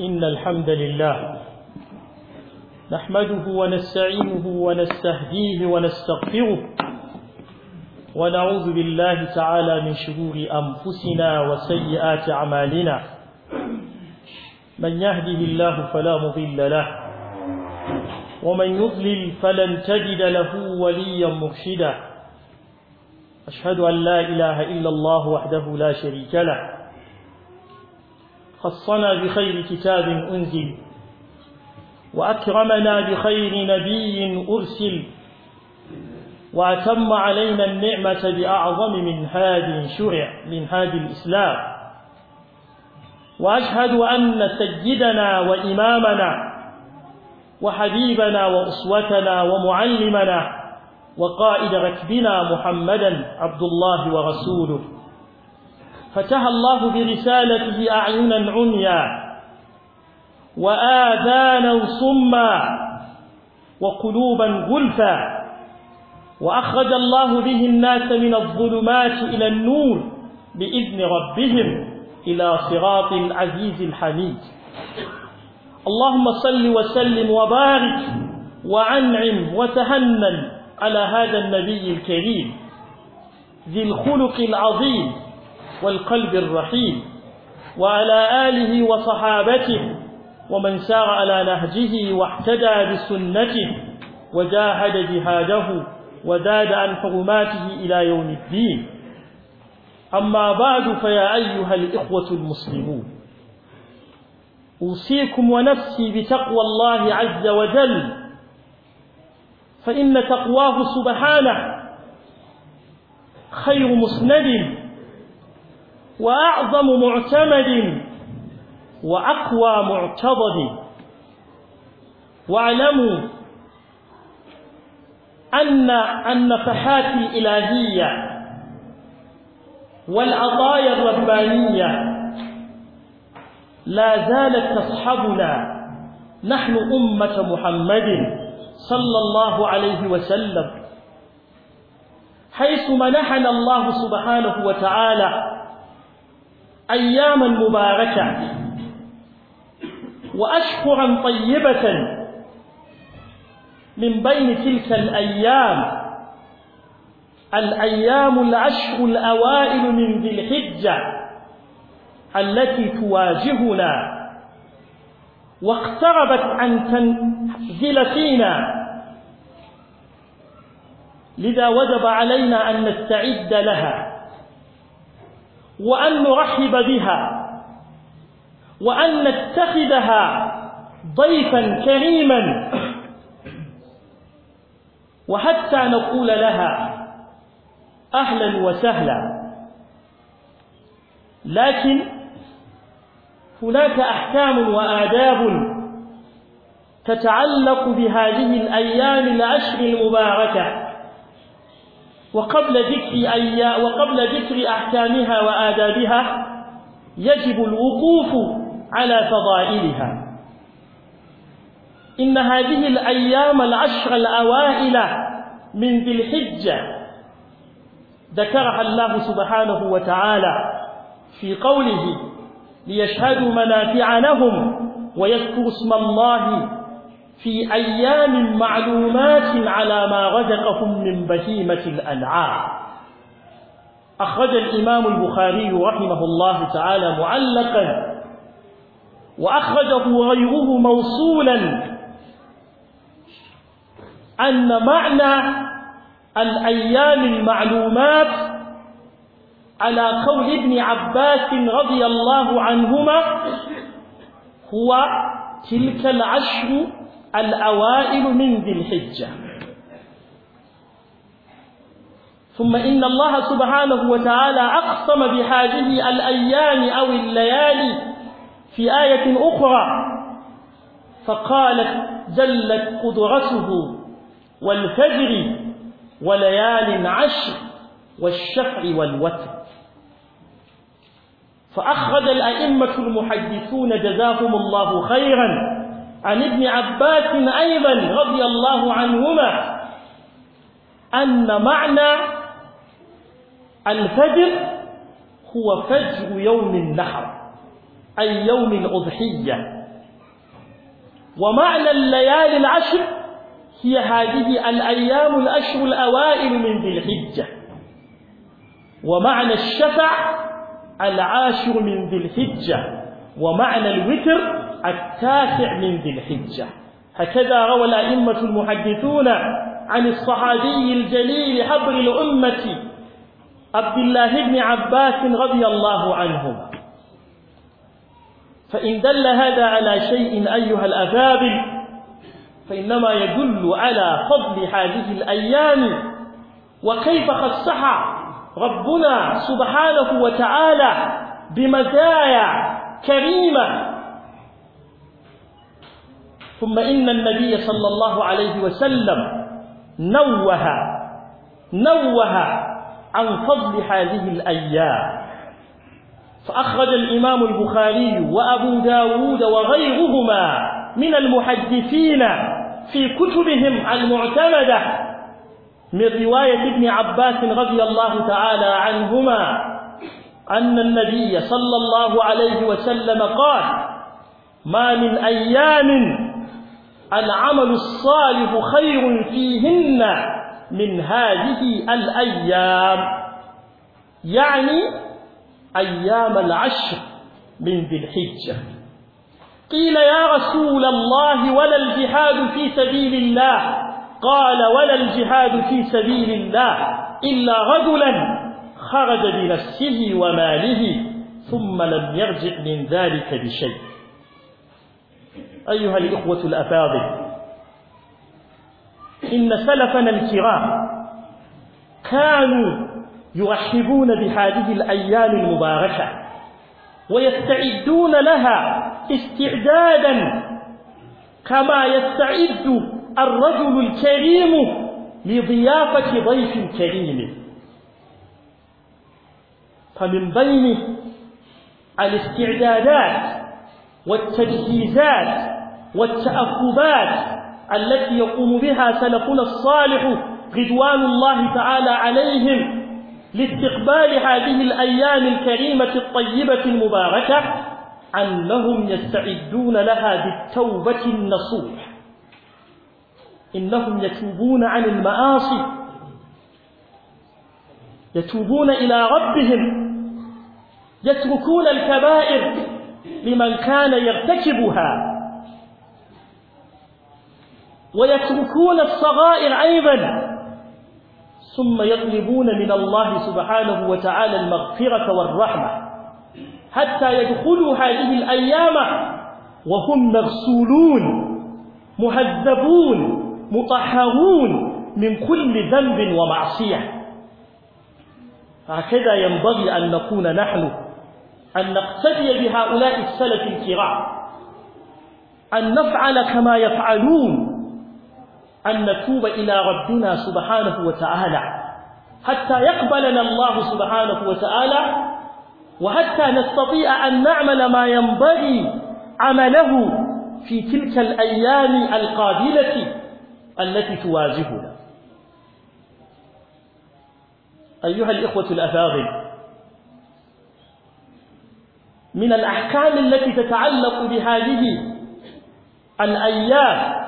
إن الحمد لله نحمده ونستعينه ونستهديه ونستغفره ونعوذ بالله تعالى من شرور أنفسنا وسيئات أعمالنا من يهده الله فلا مضل له ومن يضلل فلن تجد له وليا مرشدا أشهد أن لا إله إلا الله وحده لا شريك له خصنا بخير كتاب أنزل وأكرمنا بخير نبي أرسل وأتم علينا النعمة بأعظم من هاد شرع من هاد الإسلام وأشهد أن سيدنا وإمامنا وحبيبنا وأسوتنا ومعلمنا وقائد ركبنا محمدا عبد الله ورسوله فتح الله برسالته أعينا عميا وآذانا صما وقلوبا غلفا وأخرج الله به الناس من الظلمات إلى النور بإذن ربهم إلى صراط العزيز الحميد اللهم صل وسلم وبارك وأنعم وتهنن على هذا النبي الكريم ذي الخلق العظيم والقلب الرحيم وعلى آله وصحابته ومن سار على نهجه واحتدى بسنته وجاهد جهاده وزاد عن حرماته إلى يوم الدين أما بعد فيا أيها الإخوة المسلمون أوصيكم ونفسي بتقوى الله عز وجل فإن تقواه سبحانه خير مسند وأعظم معتمد وأقوى معتضد واعلموا أن النفحات الإلهية والعطايا الربانية لا زالت تصحبنا نحن أمة محمد صلى الله عليه وسلم حيث منحنا الله سبحانه وتعالى أياما مباركة وأشهرا طيبة من بين تلك الأيام الأيام العشر الأوائل من ذي الحجة التي تواجهنا واقتربت أن تنزل فينا لذا وجب علينا أن نستعد لها وأن نرحب بها وأن نتخذها ضيفا كريما وحتى نقول لها أهلا وسهلا لكن هناك أحكام وآداب تتعلق بهذه الأيام العشر المباركة وقبل ذكر أي وقبل ذكر أحكامها وآدابها يجب الوقوف على فضائلها إن هذه الأيام العشر الأوائل من ذي الحجة ذكرها الله سبحانه وتعالى في قوله ليشهدوا منافع لهم ويذكروا اسم الله في أيام معلومات على ما رزقهم من بهيمة الأنعام أخرج الإمام البخاري رحمه الله تعالى معلقا وأخرجه غيره موصولا أن معنى الأيام المعلومات على قول ابن عباس رضي الله عنهما هو تلك العشر الأوائل من ذي الحجة ثم إن الله سبحانه وتعالى أقسم بهذه الأيام أو الليالي في آية أخرى فقالت جلت قدرته والفجر وليال عشر والشفع والوتر فأخرج الأئمة المحدثون جزاهم الله خيرا عن ابن عباس أيضا رضي الله عنهما أن معنى الفجر هو فجر يوم النحر أي يوم الأضحية ومعنى الليالي العشر هي هذه الأيام الأشهر الأوائل من ذي الحجة ومعنى الشفع العاشر من ذي الحجة ومعنى الوتر التاسع من ذي الحجة هكذا روى الأئمة المحدثون عن الصحابي الجليل حبر الأمة عبد الله بن عباس رضي الله عنه فإن دل هذا على شيء أيها الأذاب فإنما يدل على فضل هذه الأيام وكيف خصها ربنا سبحانه وتعالى بمزايا كريمة ثم إن النبي صلى الله عليه وسلم نوه نوه عن فضل هذه الأيام فأخرج الإمام البخاري وأبو داود وغيرهما من المحدثين في كتبهم المعتمدة من رواية ابن عباس رضي الله تعالى عنهما أن النبي صلى الله عليه وسلم قال ما من أيام العمل الصالح خير فيهن من هذه الأيام يعني أيام العشر من ذي الحجة قيل يا رسول الله ولا الجهاد في سبيل الله قال ولا الجهاد في سبيل الله إلا رجلا خرج بنفسه وماله ثم لم يرجع من ذلك بشيء أيها الإخوة الأفاضل إن سلفنا الكرام كانوا يرحبون بهذه الأيام المباركة ويستعدون لها استعدادا كما يستعد الرجل الكريم لضيافة ضيف كريم فمن بين الاستعدادات والتجهيزات والتأكبات التي يقوم بها سلفنا الصالح رضوان الله تعالى عليهم لاستقبال هذه الأيام الكريمة الطيبة المباركة أنهم يستعدون لها بالتوبة النصوح إنهم يتوبون عن المآصي يتوبون إلى ربهم يتركون الكبائر لمن كان يرتكبها ويتركون الصغائر أيضا ثم يطلبون من الله سبحانه وتعالى المغفرة والرحمة حتى يدخلوا هذه الأيام وهم مغسولون مهذبون مطهرون من كل ذنب ومعصية هكذا ينبغي أن نكون نحن أن نقتدي بهؤلاء السلف الكرام أن نفعل كما يفعلون أن نتوب إلى ربنا سبحانه وتعالى حتى يقبلنا الله سبحانه وتعالى وحتى نستطيع أن نعمل ما ينبغي عمله في تلك الأيام القابلة التي تواجهنا أيها الإخوة الأفاضل من الأحكام التي تتعلق بهذه الأيام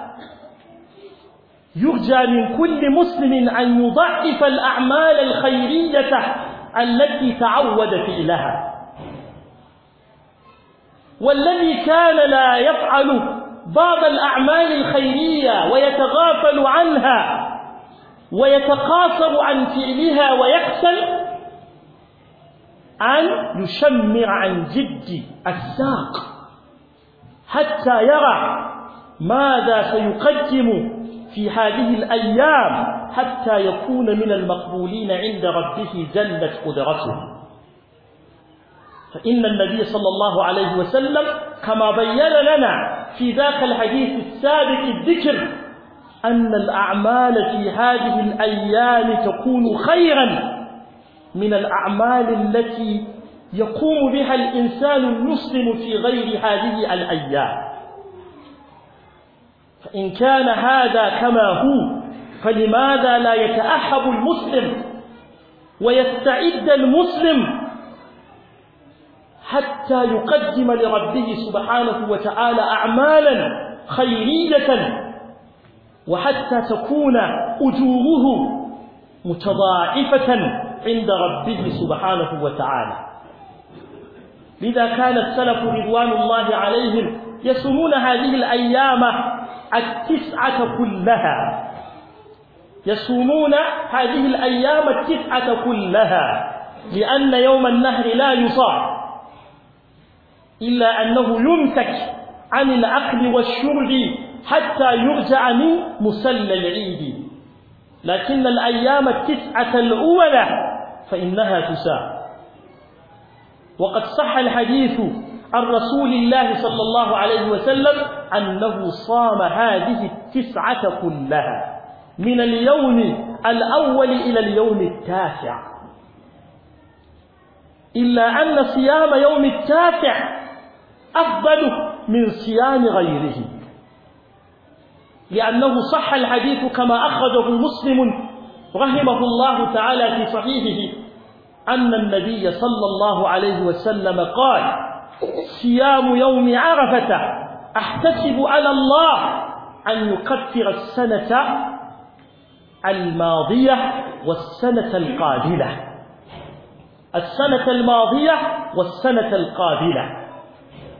يرجى من كل مسلم أن يضعف الأعمال الخيرية التي تعود فعلها والذي كان لا يفعل بعض الأعمال الخيرية ويتغافل عنها ويتقاصر عن فعلها ويخسل أن يشمر عن جد الساق حتى يرى ماذا سيقدم في هذه الأيام حتى يكون من المقبولين عند ربه جلت قدرته فإن النبي صلى الله عليه وسلم كما بين لنا في ذاك الحديث السابق الذكر أن الأعمال في هذه الأيام تكون خيرا من الأعمال التي يقوم بها الإنسان المسلم في غير هذه الأيام فإن كان هذا كما هو فلماذا لا يتأحب المسلم ويستعد المسلم حتى يقدم لربه سبحانه وتعالى أعمالا خيرية وحتى تكون أجوره متضاعفة عند ربه سبحانه وتعالى لذا كان السلف رضوان الله عليهم يصومون هذه الأيام التسعة كلها يصومون هذه الأيام التسعة كلها لأن يوم النهر لا يصام إلا أنه يمسك عن الأكل والشرب حتى يرجع من مسلى العيد لكن الأيام التسعة الأولى فإنها تساء وقد صح الحديث عن رسول الله صلى الله عليه وسلم أنه صام هذه التسعة كلها من اليوم الأول إلى اليوم التاسع إلا أن صيام يوم التاسع أفضل من صيام غيره لأنه صح الحديث كما أخرجه مسلم رحمه الله تعالى في صحيحه أن النبي صلى الله عليه وسلم قال صيام يوم عرفة أحتسب على الله أن يكفر السنة الماضية والسنة القادلة السنة الماضية والسنة القادلة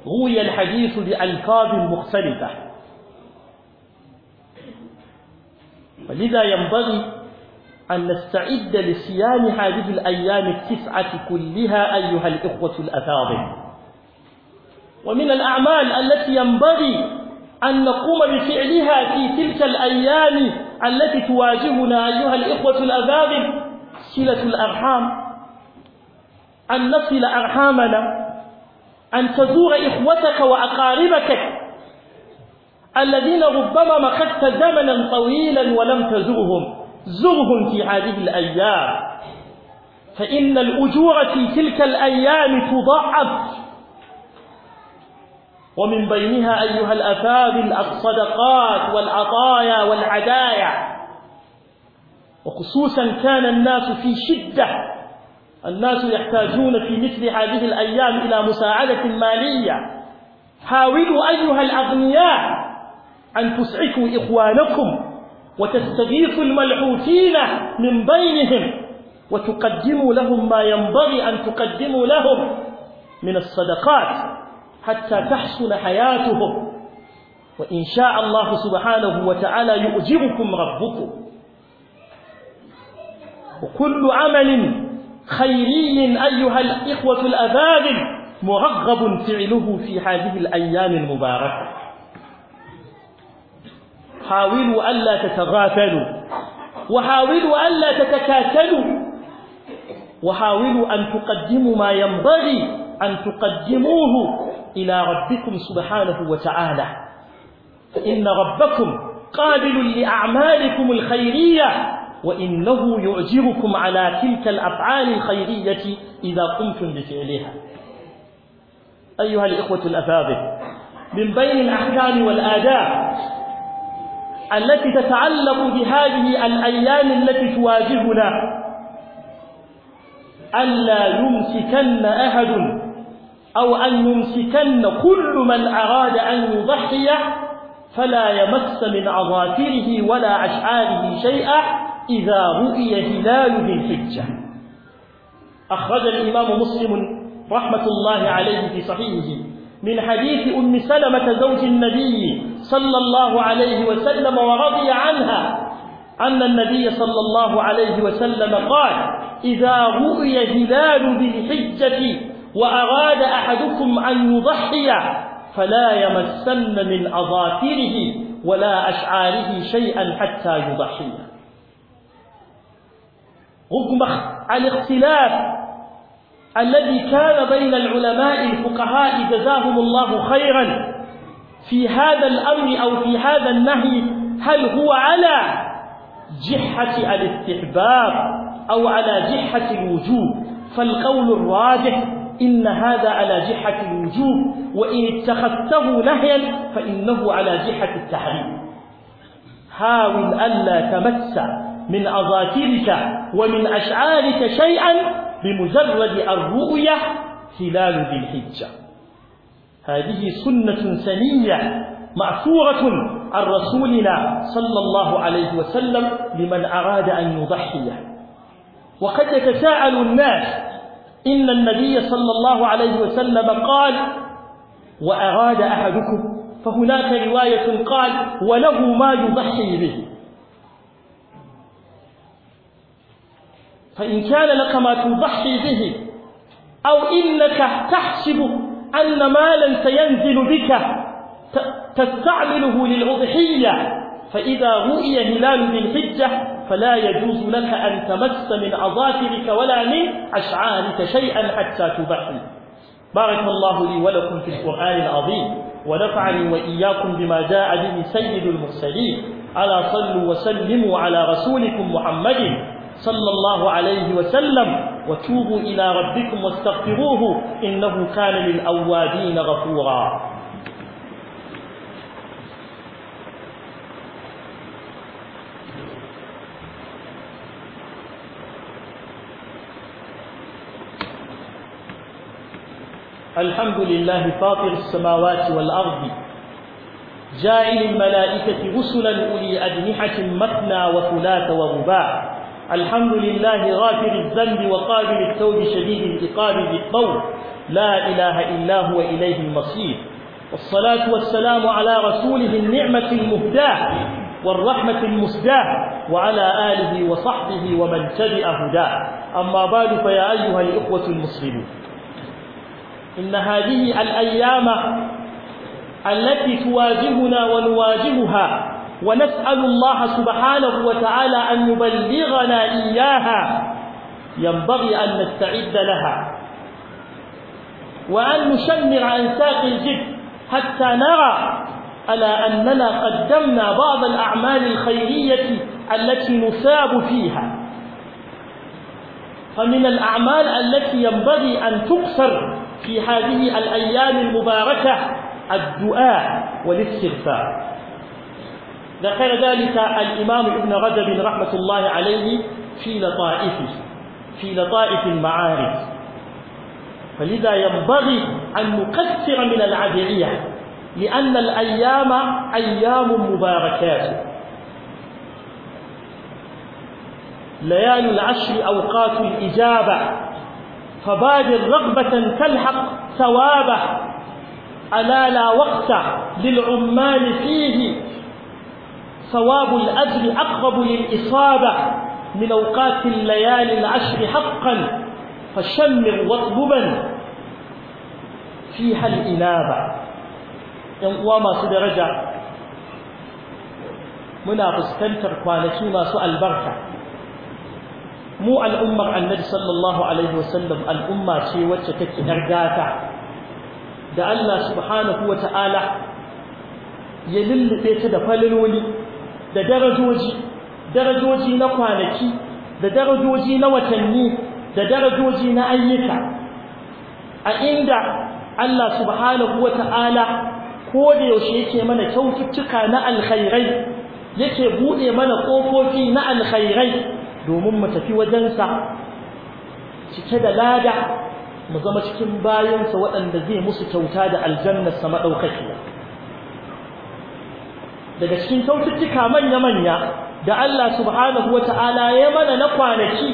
روي الحديث بألفاظ مختلفة ولذا ينبغي أن نستعد لصيام هذه الأيام التسعة كلها أيها الإخوة الأفاضل ومن الأعمال التي ينبغي أن نقوم بفعلها في تلك الأيام التي تواجهنا أيها الإخوة الأبابل صلة الأرحام أن نصل أرحامنا أن تزور إخوتك وأقاربك الذين ربما مخذت زمنا طويلا ولم تزرهم زرهم في هذه الأيام فإن الأجور في تلك الأيام تضاعف ومن بينها أيها الأفاضل الصدقات والعطايا والعدايا وخصوصا كان الناس في شدة الناس يحتاجون في مثل هذه الأيام إلى مساعدة مالية حاولوا أيها الأغنياء أن تسعفوا إخوانكم وتستغيثوا الملعوثين من بينهم وتقدموا لهم ما ينبغي أن تقدموا لهم من الصدقات حتى تحسن حياتهم وإن شاء الله سبحانه وتعالى يؤجبكم ربكم وكل عمل خيري أيها الإخوة الأبابل مرغب فعله في هذه الأيام المباركة حاولوا ألا تتغافلوا وحاولوا ألا تتكاسلوا وحاولوا أن تقدموا ما ينبغي أن تقدموه إلى ربكم سبحانه وتعالى فإن ربكم قابل لأعمالكم الخيرية وإنه يعجبكم على تلك الأفعال الخيرية إذا قمتم بفعلها أيها الإخوة الأفاضل من بين الأحكام والآداب التي تتعلق بهذه الأيام التي تواجهنا ألا يمسكن أحد أو أن يمسكن كل من أراد أن يضحي فلا يمس من عظافره ولا أشعاره شيئا إذا رؤي هلال ذي الحجة أخرج الإمام مسلم رحمة الله عليه في صحيحه من حديث أم سلمة زوج النبي صلى الله عليه وسلم ورضي عنها أن النبي صلى الله عليه وسلم قال إذا رؤي هلال ذي الحجة وأراد أحدكم أن يضحي فلا يمسن من أظافره ولا أشعاره شيئا حتى يضحي رغم الاختلاف الذي كان بين العلماء الفقهاء جزاهم الله خيرا في هذا الأمر أو في هذا النهي هل هو على جحة الاستحباب أو على جحة الوجوب فالقول الراجح إن هذا على جحة الوجوب وإن اتخذته نهيا فإنه على جحة التحريم حاول ألا تمس من أظافرك ومن أشعارك شيئا بمجرد الرؤية هلال ذي الحجة هذه سنة سنية معفورة عن رسولنا صلى الله عليه وسلم لمن أراد أن يضحي وقد يتساءل الناس إن النبي صلى الله عليه وسلم قال وأراد أحدكم فهناك رواية قال وله ما يضحي به فإن كان لك ما تضحي به أو إنك تحسب أن مالا سينزل بك تستعمله للأضحية فإذا رؤي هلال ذي الحجة فلا يجوز لك أن تمس من أظافرك ولا من أشعارك شيئا حتى تبحل بارك الله لي ولكم في القرآن العظيم ونفعني وإياكم بما جاء به سيد المرسلين ألا صلوا وسلموا على رسولكم محمد صلى الله عليه وسلم وتوبوا إلى ربكم واستغفروه إنه كان للأوابين غفورا الحمد لله فاطر السماوات والأرض جائل الملائكة رسلا أولي أجنحة مثنى وثلاث ورباع الحمد لله غافر الذنب وقابل التوب شديد العقاب ذي لا إله إلا هو إليه المصير والصلاة والسلام على رسوله النعمة المهداة والرحمة المسداة وعلى آله وصحبه ومن تبع هداه أما بعد فيا أيها الإخوة المسلمون إن هذه الأيام التي تواجهنا ونواجهها ونسأل الله سبحانه وتعالى أن يبلغنا إياها ينبغي أن نستعد لها وأن نشمر ساق الجد حتى نرى ألا أننا قدمنا بعض الأعمال الخيرية التي نثاب فيها فمن الأعمال التي ينبغي أن تكسر في هذه الأيام المباركة الدعاء والاستغفار ذكر ذلك الإمام ابن رجب رحمة الله عليه في لطائف في لطائف المعارف فلذا ينبغي أن نكثر من العدلية لأن الأيام أيام مباركات ليالي العشر أوقات الإجابة فبادر رغبة تلحق ثوابه ألا لا وقت للعمال فيه ثواب الأجر أقرب للإصابة من أوقات الليالي العشر حقا فشمر واطلبا فيها الإنابة وما ما رجع منا فستنتر كوالكي ما سؤال بركة mu al'ummar annabi sallallahu alaihi wasallam al'umma ce wacce take gata da Allah subhanahu wa ta'ala ya lullube ta da faliloli da darajoji darajoji na kwanaki da darajoji na watanni da darajoji na ayyuka a inda Allah subhanahu wa ta'ala ko da yaushe yake mana kyaututtuka na alkhairai yake buɗe mana ƙofofi na alkhairai domin mu tafi wajensa cike da lada mu zama cikin bayansa waɗanda zai musu kyauta da aljannarsa maɗaukakiya daga cikin kyaututtuka manya-manya da Allah subhanahu wata'ala ya mana na kwanaki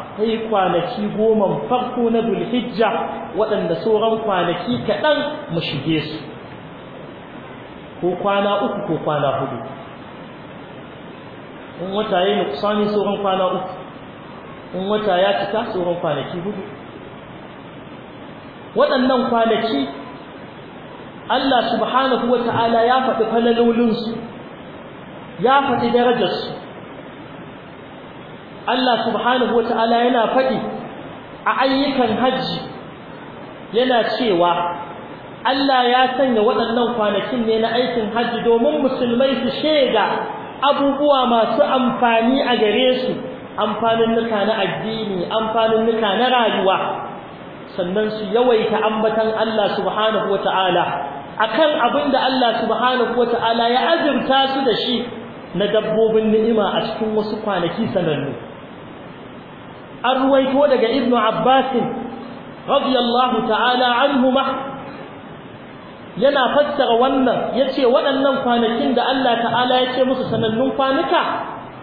akwai kwanaki goma farko na dulhijja waɗanda sauran kwanaki kaɗan mu shige su ko kwana uku ko kwana hudu in wata ya yi nukusani sauran kwana uku in wata ya cika sauran kwanaki hudu waɗannan kwanaki Allah subhanahu wa ta'ala ya faɗi falalolinsu ya faɗi darajarsu Allah subhanahu wa ta'ala yana faɗi a ayyukan hajji yana cewa Allah ya sanya waɗannan kwanakin ne na aikin hajji domin musulmai su shaida abubuwa masu amfani a gare su amfanin nuka na addini amfanin nuka na rayuwa sannan su yawaita ambatan Allah subhanahu wata'ala akan abin da Allah subhanahu wata'ala ya azurta su da shi na dabbobin ni'ima a cikin wasu kwanaki sanannu an ruwaito daga ibnu abbasin radiyallahu ta'ala anhuma yana fassara wannan yace waɗannan kwanakin da Allah ta'ala yake musu sanannun kwanuka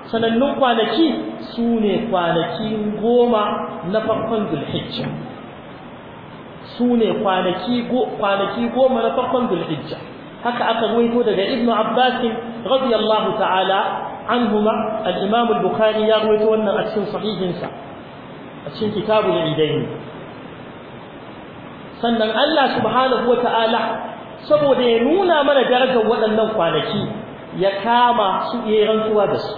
sanannun kwanaki sune kwanaki goma na farkon Zulhijja sune kwanaki kwanaki goma na farkon Zulhijja haka aka ruwaito daga Ibnu Abbas radiyallahu ta'ala anhuma al-Imam al-Bukhari ya ruwaito wannan a cikin sahihinsa a cikin kitabul idain sannan Allah subhanahu wa ta'ala saboda ya nuna mana darajar waɗannan kwanaki ya kama su iya rantsuwa da su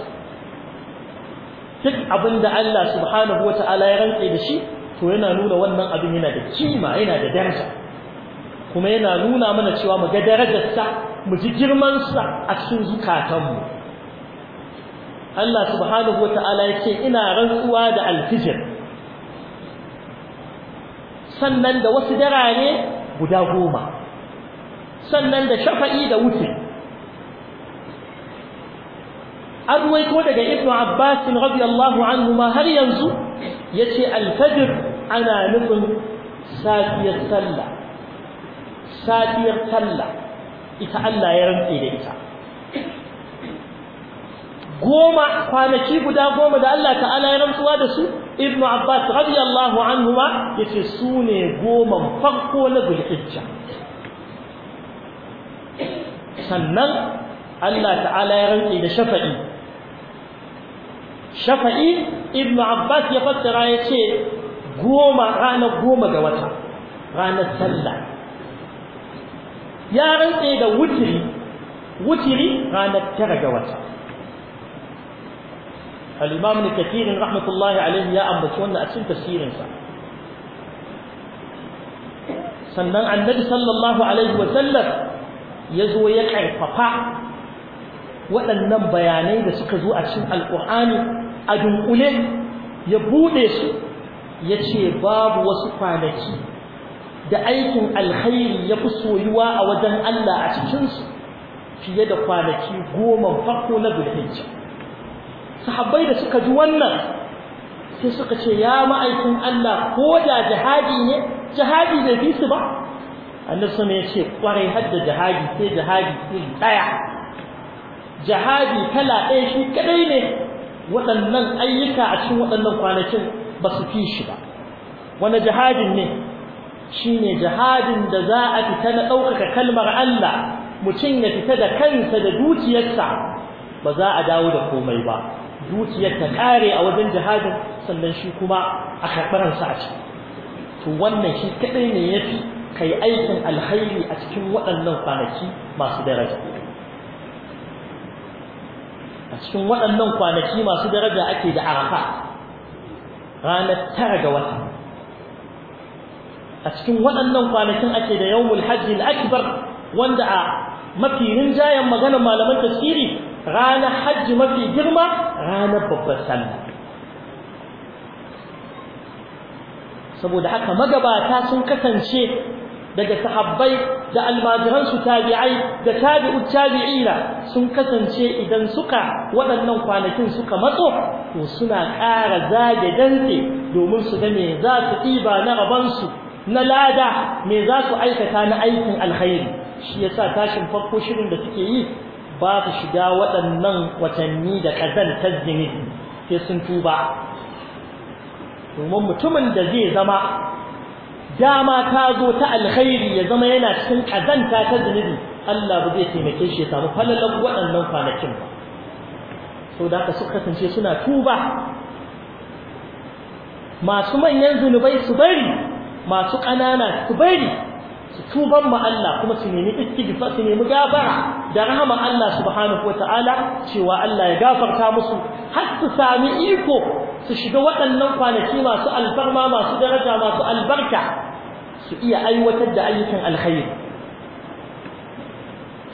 duk abin da Allah subhanahu wata'ala ya rantse da shi to yana nuna wannan abin yana da kima yana da daraja kuma yana nuna mana cewa mu ga darajarsa mu ji girmansa a cikin zukatanmu Allah subhanahu wata'ala ya ce ina rantsuwa da alfijir sannan da wasu darare guda goma sannan da shafa'i da wuce an ko daga ibnu abbas radiyallahu anhu ma har yanzu yace al ana nufin safiyar sallah safiyar sallah ita Allah ya rantse da ita goma kwanaki guda goma da Allah ta'ala ya rantsuwa da su ibn Abbas radiyallahu ma yace su ne goman farko na Zulhijja sannan Allah ta'ala ya rantsi da shafa'i shafa'i ibnu abbas ya fassara ya ce goma rana goma ga wata ranar sallah ya rantse da wutiri wutiri ranar tara ga wata al-imam ibn kathir rahmatullahi alayhi ya ambaci wannan a cikin tafsirin sa sannan annabi sallallahu alaihi wa sallam ya zo ya ƙarfafa waɗannan bayanai da suka zo a cikin alƙur'ani a dunkule ya buɗe su ya ce babu wasu kwanaki da aikin alkhairi ya fi soyuwa a wajen Allah a cikinsu fiye da kwanaki goma farko na zulhijja sahabbai da suka ji wannan sai suka ce ya ma'aikin Allah ko da jihadi ne jihadi bai fi su ba annabi ya ce kwarai har da jihadi sai jihadi ɗaya jihadi kala ɗaya shi kadai ne waɗannan ayyuka a cikin waɗannan kwanakin ba su fi shi ba wani jihadin ne shine jihadin da za a fita na ɗaukaka kalmar Allah mutum ya fita da kansa da dukiyarsa ba za a dawo da komai ba dukiyar ta kare a wajen jihadin sannan shi kuma a karɓaransa a ciki to wannan shi kaɗai ne ya fi kai aikin alhairi a cikin waɗannan kwanaki masu daraja a cikin waɗannan kwanaki masu daraja ake da arafa ranar tara ga wata a cikin waɗannan kwanakin ake da yawmul hajji akbar wanda a mafi rinjayen maganar malaman tafsiri ranar hajji mafi girma ranar babbar sallah saboda haka magabata sun kasance daga sahabbai da almajiran su tabi'ai da tabi'ut tabi'ina sun kasance idan suka waɗannan kwanakin suka matso to suna ƙara zage dantse domin su ga me za su ɗiba na su na lada me za su aikata na aikin alkhairi shi yasa tashin farko shirin da suke yi ba su shiga waɗannan watanni da ƙazantar zunubi sai sun tuba domin mutumin da zai zama dama ta zo ta alkhairi ya zama yana cikin kazanta ta zunubi Allah ba zai taimake shi ya samu falalan waɗannan kwanakin ba so da haka suka kasance suna tuba masu manyan zunubai su bari masu ƙanana su bari su tuban ma Allah kuma su nemi istighfar su nemi gafara da rahama Allah subhanahu wataala cewa Allah ya gafarta musu har su sami iko su shiga waɗannan kwanaki masu alfarma masu daraja masu albarka su iya aiwatar da ayyukan alkhairi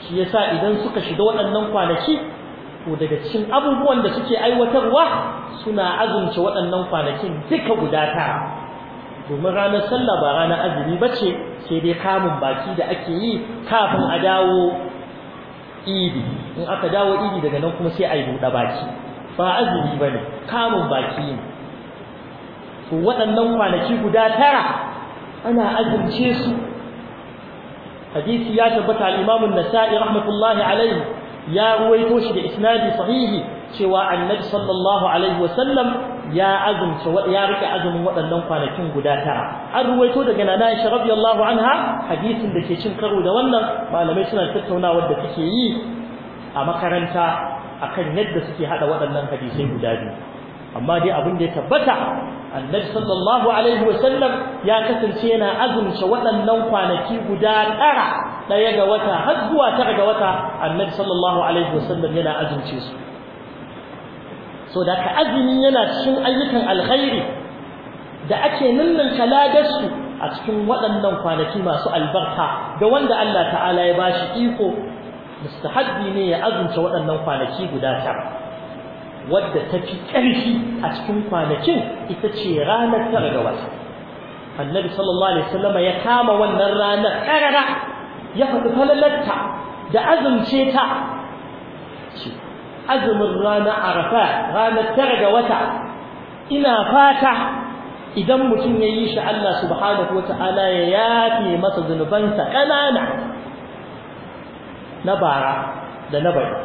shi yasa idan suka shiga waɗannan kwanaki to daga cikin abubuwan da suke aiwatarwa suna azumce waɗannan kwanakin duka guda tara domin ranar sallah ba ranar azumi ba ce sai dai kamun baki da ake yi kafin a dawo idi in aka dawo idi daga nan kuma sai a yi buɗe baki ba azumi ba ne kamun baki ne to waɗannan kwanaki guda tara ana azumce su hadisi ya tabbata al-Imam an-Nasa'i rahmatullahi alayhi ya ruwaito shi da isnadi sahihi cewa annabi sallallahu alaihi wa sallam ya azumce ya rike azumin waɗannan kwanakin guda tara an ruwaito daga nana Aisha radiyallahu anha hadisin da ke cin karo da wannan malamai suna tattaunawa da suke yi a makaranta akan yadda suke hada waɗannan hadisai guda biyu amma dai abin da ya tabbata annabi sallallahu alaihi wasallam ya kasance yana azumce waɗannan kwanaki guda tara ɗaya ga wata har zuwa tara ga wata annabi sallallahu alaihi wasallam yana azumce su so da ka azumi yana cikin ayyukan alkhairi da ake nannan su a cikin waɗannan kwanaki masu albarka da wanda Allah ta'ala ya bashi iko mustahabbi ne ya azumta waɗannan kwanaki guda tara wadda ta fi ƙarfi a cikin kwanakin ita ce ranar tara ga wata annabi sallallahu alaihi wasallam ya kama wannan ranar karara ya faɗi falalarta da azumce ta azumin ranar arafa ranar tara ga wata ina fata idan mutum ya yi shi Allah subhanahu wa ta'ala ya yafe masa zunubansa ƙanana na bara da na bari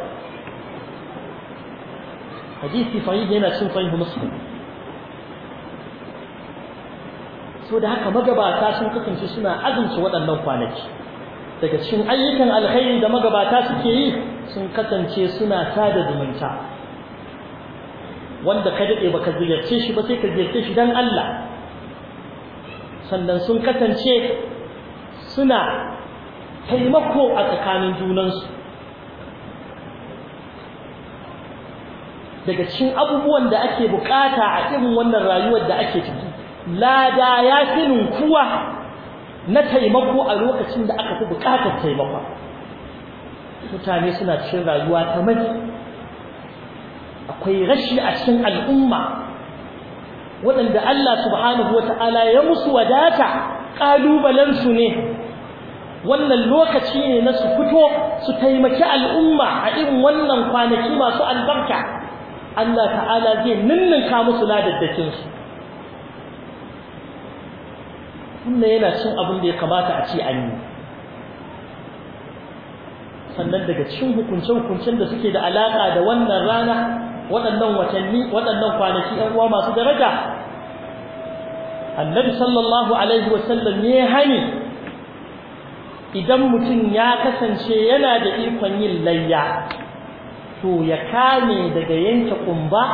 hadisi sahih yana cin sahih muslim so da haka magabata sun kasance suna azumci waɗannan kwanaki daga cikin ayyukan alkhairi da magabata suke yi sun kasance suna sada zumunta wanda ka daɗe baka ziyarce shi ba sai ka ziyarce shi don Allah sannan sun kasance suna taimako a tsakanin junansu daga cikin abubuwan da ake bukata a irin wannan rayuwar da ake ciki lada ya fi ninkuwa na taimako a lokacin da aka fi bukatar taimako mutane suna cikin rayuwa ta mai akwai rashi a cikin al'umma waɗanda Allah subhanahu wa ta'ala ya musu wadata ƙalubalensu ne wannan lokaci ne na su fito su taimaki al'umma a irin wannan kwanaki masu albarka Allah ta'ala zai ninninka musu ladaddakinsu tunda yana cin abin da ya kamata a ci an yi sannan daga cikin hukunce-hukuncen da suke da alaƙa da wannan rana waɗannan watanni waɗannan kwanaki ɗan uwa masu daraja annabi sallallahu alaihi wasallam ne hani idan mutum ya kasance yana da ikon yin layya to ya kame daga yanke kumba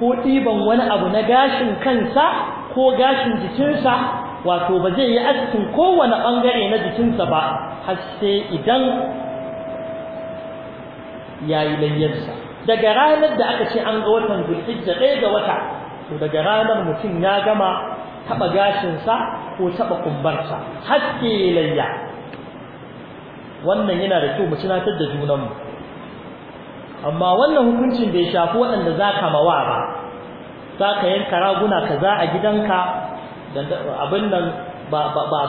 ko ɗiban wani abu na gashin kansa ko gashin jikinsa wato ba zai yi askin kowane bangare na jikinsa ba har sai idan ya yi layyarsa daga ranar da aka ce an ga watan zulhijja ɗaya ga wata to daga ranar mutum ya gama taɓa gashinsa ko taɓa kumbarsa sai layya wannan yana da kyau mu tunatar da junanmu amma wannan hukuncin bai shafi waɗanda za ka mawa ba za ka yanka raguna kaza a gidanka abin nan ba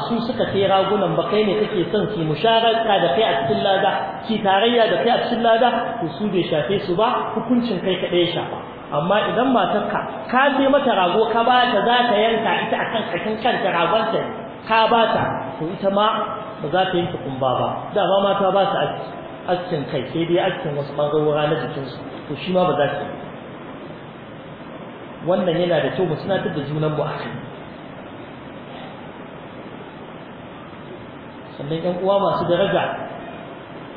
su suka sai ragunan ba kai ne kake son su musharaka da kai a cikin lada ki tarayya da kai a cikin lada ku su bai shafe su ba hukuncin kai kaɗai ya shafa amma idan matarka ka je mata rago ka ba ta za ta yanka ita a kan kakin kanta ragon ragonta ka ba ta to ita ma ba za ta yanke kumba ba Da ba mata ba su askin kai sai dai askin wasu ɓangarora na jikinsu to shi ma ba za ta yi wannan yana da kyau mu suna da junanmu a kai sannan yan uwa masu daraja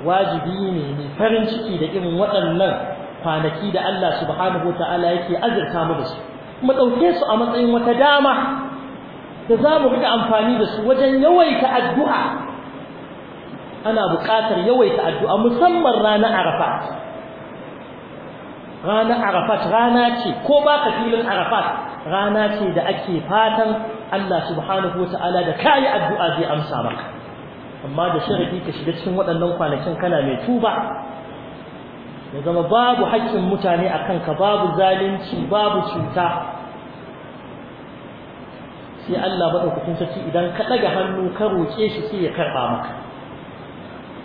wajibi ne ne farin ciki da irin waɗannan kwanaki da Allah subhanahu ta'ala yake azurta mu da su mu ɗauke su a matsayin wata dama da za mu riƙa amfani da su wajen yawaita addu'a ana buƙatar yawaita addu'a musamman ranar arafat ranar arafat rana ce ko ba ka filin arafat rana ce da ake fatan Allah subhanahu wa ta'ala da kayi addu'a zai amsa maka amma da sharadi ka shiga cikin waɗannan kwanakin kana mai tuba ya zama babu haƙƙin mutane a kanka babu zalunci babu cuta sai Allah maɗaukakin sarki idan ka ɗaga hannu ka roƙe shi sai ya karɓa maka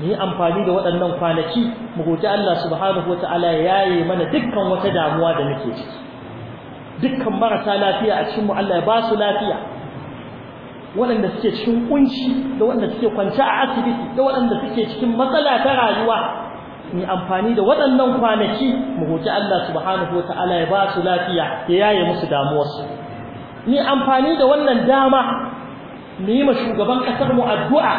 mu yi amfani da waɗannan kwanaki mu roƙi Allah subhanahu wa ta'ala ya yaye mana dukkan wata damuwa da nake ciki dukkan marasa lafiya a cikin mu Allah ya ba su lafiya waɗanda suke cikin kunci da waɗanda suke kwanci a asibiti da waɗanda suke cikin matsala ta rayuwa ni amfani da waɗannan kwanaki mu hoci Allah subhanahu ta'ala ya ba su lafiya ya yaye musu damuwarsu ni amfani da wannan dama mu yi ma shugaban ƙasar mu addu'a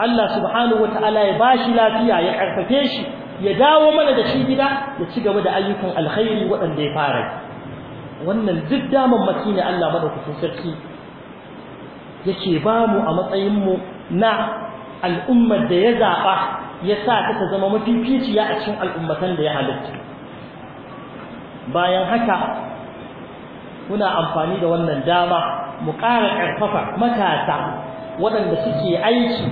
Allah subhanahu ta'ala ya bashi lafiya ya karfafe shi ya dawo mana da shi gida ya ci gaba da ayyukan alkhairi waɗanda ya fara wannan duk damar maki ne Allah madaukakin sarki yake ba mu a matsayinmu na al'ummar da ya zaɓa ya sa ta ta zama mafificiya a cikin al'ummatan da ya halitta bayan haka muna amfani da wannan dama mu ƙara ƙarfafa matasa waɗanda suke aiki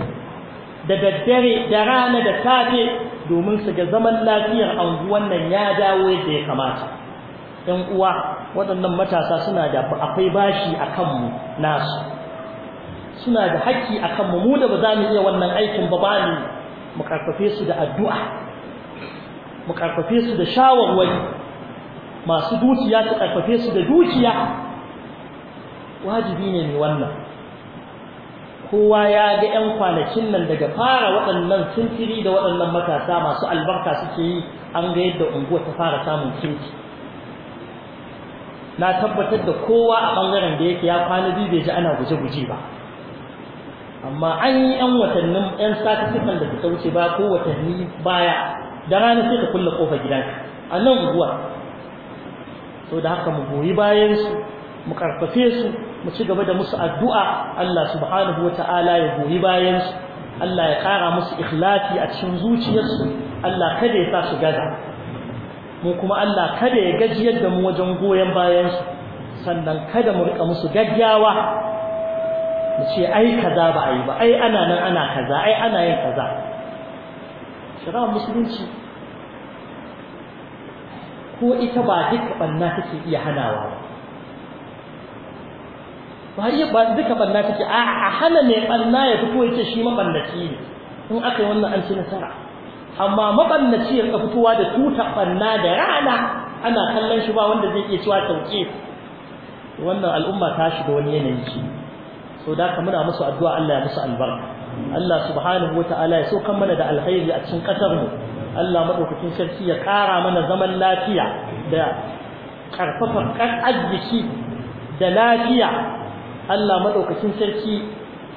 da daddare da rana da safe domin su ga zaman lafiyar anguwan nan ya dawo yadda ya kamata ‘yan uwa waɗannan matasa suna da akwai bashi a kanmu nasu suna da haƙƙi a kan mu da ba za mu iya wannan aikin ba bani mu karfafe su da addu'a mu karfafe su da shawarwari masu dukiya su karfafe su da dukiya wajibi ne ne wannan kowa ya ga 'yan kwanakin nan daga fara waɗannan sintiri da waɗannan matasa masu albarka suke yi an ga yadda unguwa ta fara samun kirki na tabbatar da kowa a ɓangaren da yake ya kwana biyu bai ji ana guje-guje ba amma an yi yan watannin yan satuttukan da suka wuce ba ko watanni baya da rana sai ka kulle kofar gidan a nan guguwa so da haka mu goyi bayan su mu karfafe su mu ci gaba da musu addu'a Allah subhanahu wata'ala ya goyi bayan Allah ya kara musu ikhlasi a cikin zuciyarsu Allah kada ya sa su gaza mu kuma Allah kada ya gajiyar da mu wajen goyon bayansu sannan kada mu rika musu gaggawa mu ce ai kaza ba ai ba ai ana nan ana kaza ai ana yin kaza shari'ar musulunci ko ita ba duka banna take iya hanawa ba ba iya ba duka banna take a a hana mai banna ya fito yake shi mabannaci ne in aka yi wannan an ci nasara amma mabannaci ya fitowa da tuta banna da rana ana kallon shi ba wanda zai iya cewa tauke wannan al'umma ta shiga wani yanayi so da ka muna musu addu'a Allah ya musu albarka Allah subhanahu wata'ala ya saukan mana da alkhairi a cikin kasar mu Allah madaukakin sarki ya kara mana zaman lafiya da karfafa kan arziki da lafiya Allah madaukakin sarki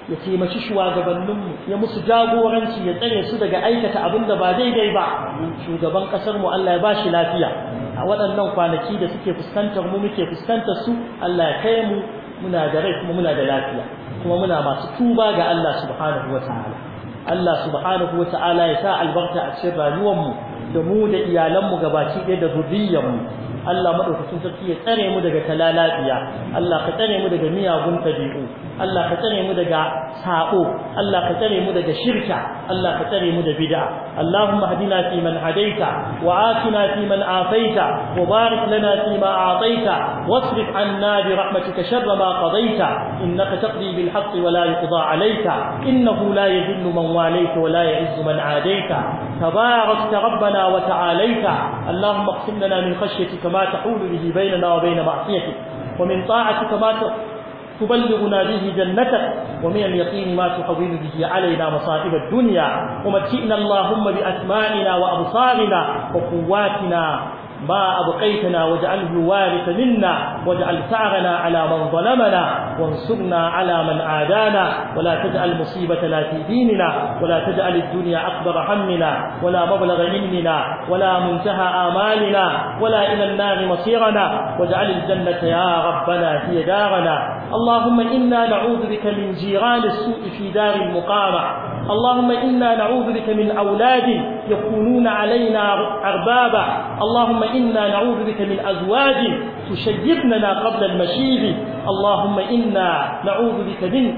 ya taimaki shugabanninmu ya musu jagoranci ya tsare su daga aikata abin da ba daidai ba shugaban kasar mu Allah ya bashi lafiya a waɗannan kwanaki da suke fuskantar mu muke fuskantar su Allah ya kai mu muna da rai kuma muna da lafiya kuma muna masu tuba ga Allah subhanahu wataala Allah subhanahu wataala ya sa albarka a cikin rayuwar mu da mu da iyalan mu gabaki ɗaya da zuriyar mu Allah madaukakin sarki ya tsare mu daga talalabiya Allah ka tsare mu daga miyagun tabi'u Allah ka tsare mu daga sa'o Allah ka tsare mu daga shirka Allah ka tsare mu da bid'a Allahumma hadina fi man hadaita wa atina fi man afaita wa barik lana fi ma a'taita wasrif 'anna bi rahmatika sharra ma qadaita innaka taqdi bil haqqi wa la yuqda 'alayka innahu la yadhillu man walayta wa la yu'izzu man 'adaita تبارك ربنا وتعاليت اللهم اقسم لنا من خشيتك ما تحول به بيننا وبين معصيتك ومن طاعتك ما تبلغنا به جنتك ومن اليقين ما تحول به علينا مصائب الدنيا ومتئنا اللهم بأسمائنا وأبصارنا وقواتنا ما أبقيتنا واجعله وارث منا واجعل ثأرنا على من ظلمنا وانصرنا على من عادانا ولا تجعل مصيبتنا في ديننا ولا تجعل الدنيا أكبر همنا ولا مبلغ علمنا ولا منتهى آمالنا ولا إلى النار مصيرنا واجعل الجنة يا ربنا هي دارنا اللهم إنا نعوذ بك من جيران السوء في دار المقامة اللهم إنا نعوذ بك من أولاد يكونون علينا أربابا اللهم إنا نعوذ بك من أزواج تشيبننا قبل المشيب اللهم إنا نعوذ بك من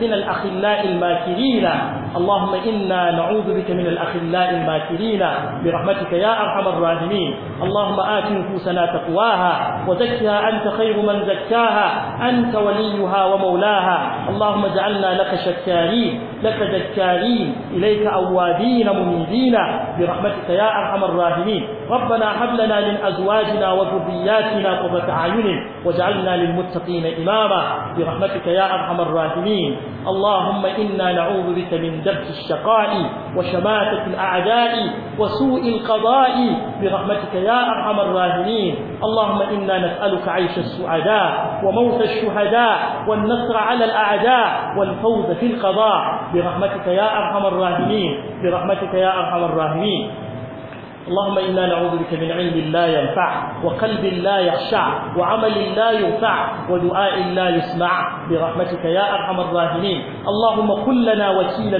من الأخلاء الماكرين اللهم إنا نعوذ بك من الأخلاء الماكرين برحمتك يا أرحم الراحمين اللهم آت نفوسنا تقواها وزكها أنت خير من زكاها أنت وليها ومولاها اللهم اجعلنا لك شكارين لك ذكارين إليك أوابين منيبين برحمتك يا ارحم الراحمين ربنا هب لنا من ازواجنا وذرياتنا قرة اعين واجعلنا للمتقين اماما برحمتك يا ارحم الراحمين اللهم انا نعوذ بك من دبس الشقاء وشماتة الاعداء وسوء القضاء برحمتك يا ارحم الراحمين اللهم انا نسالك عيش السعداء وموت الشهداء والنصر على الاعداء والفوز في القضاء برحمتك يا ارحم الراحمين برحمتك يا ارحم الراحمين الراهمين اللهم إنا نعوذ بك من علم لا ينفع وقلب لا يخشع وعمل لا ينفع ودعاء لا يسمع برحمتك يا أرحم الراحمين اللهم كن لنا وكيلا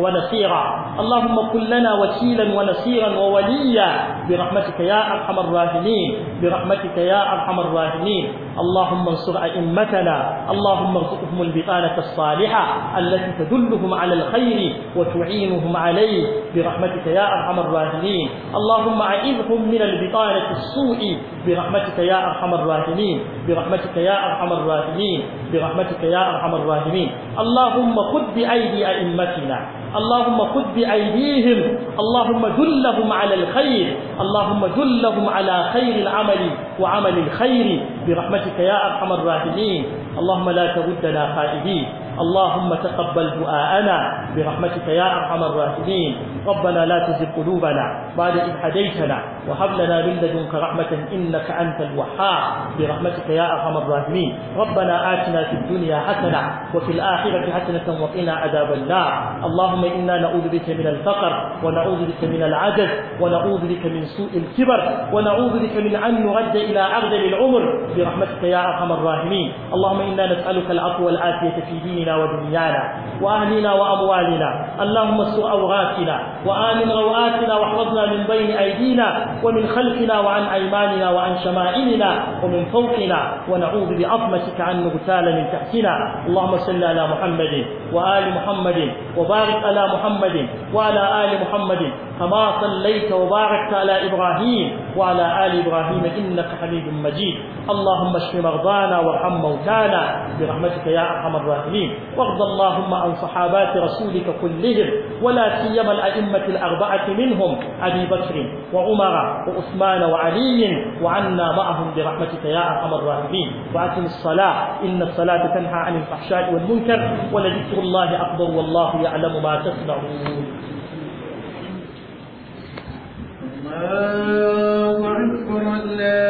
ونصيرا اللهم كن لنا وكيلا ونصيرا ووليا برحمتك يا أرحم الراحمين برحمتك يا أرحم الراحمين اللهم انصر ائمتنا اللهم ارزقهم البطانه الصالحه التي تدلهم على الخير وتعينهم عليه برحمتك يا ارحم الراحمين اللهم اعذهم من البطانه السوء برحمتك يا ارحم الراحمين برحمتك يا ارحم الراحمين برحمتك يا ارحم الراحمين اللهم خذ بايدي ائمتنا اللهم خذ بأيديهم اللهم دلهم على الخير اللهم دلهم على خير العمل وعمل الخير برحمتك برحمتك يا أرحم الراحمين اللهم لا تردنا خائبين اللهم تقبل دعاءنا برحمتك يا أرحم الراحمين ربنا لا تزغ قلوبنا بعد إذ هديتنا وهب لنا من لدنك رحمة إنك أنت الوهاب برحمتك يا أرحم الراحمين ربنا آتنا في الدنيا حسنة وفي الآخرة حسنة وقنا عذاب النار اللهم إنا نعوذ بك من الفقر ونعوذ بك من العجز ونعوذ بك من سوء الكبر ونعوذ بك من أن نرد إلى أرذل العمر برحمتك يا أرحم الراحمين اللهم إنا نسألك العفو والعافية في ديننا ودنيانا وأهلنا وأموالنا اللهم استر أوغاتنا وآمن روآتنا واحفظنا من بين أيدينا ومن خلفنا وعن أيماننا وعن شمائلنا ومن فوقنا ونعوذ بعظمتك عن نغتال من تحتنا اللهم صل على محمد وآل محمد وبارك على محمد وعلى آل محمد كما صليت وباركت على إبراهيم وعلى آل إبراهيم إنك حميد مجيد اللهم اشف مرضانا وارحم موتانا برحمتك يا أرحم الراحمين وارض اللهم عن صحابات رسولك كلهم ولا سيما الأئمة الأربعة منهم أبي بكر وعمر عمر وعثمان وعلي وعنا معهم برحمتك يا ارحم الراحمين واقم الصلاه ان الصلاه تنهى عن الفحشاء والمنكر ولذكر الله اكبر والله يعلم ما تصنعون الله أكبر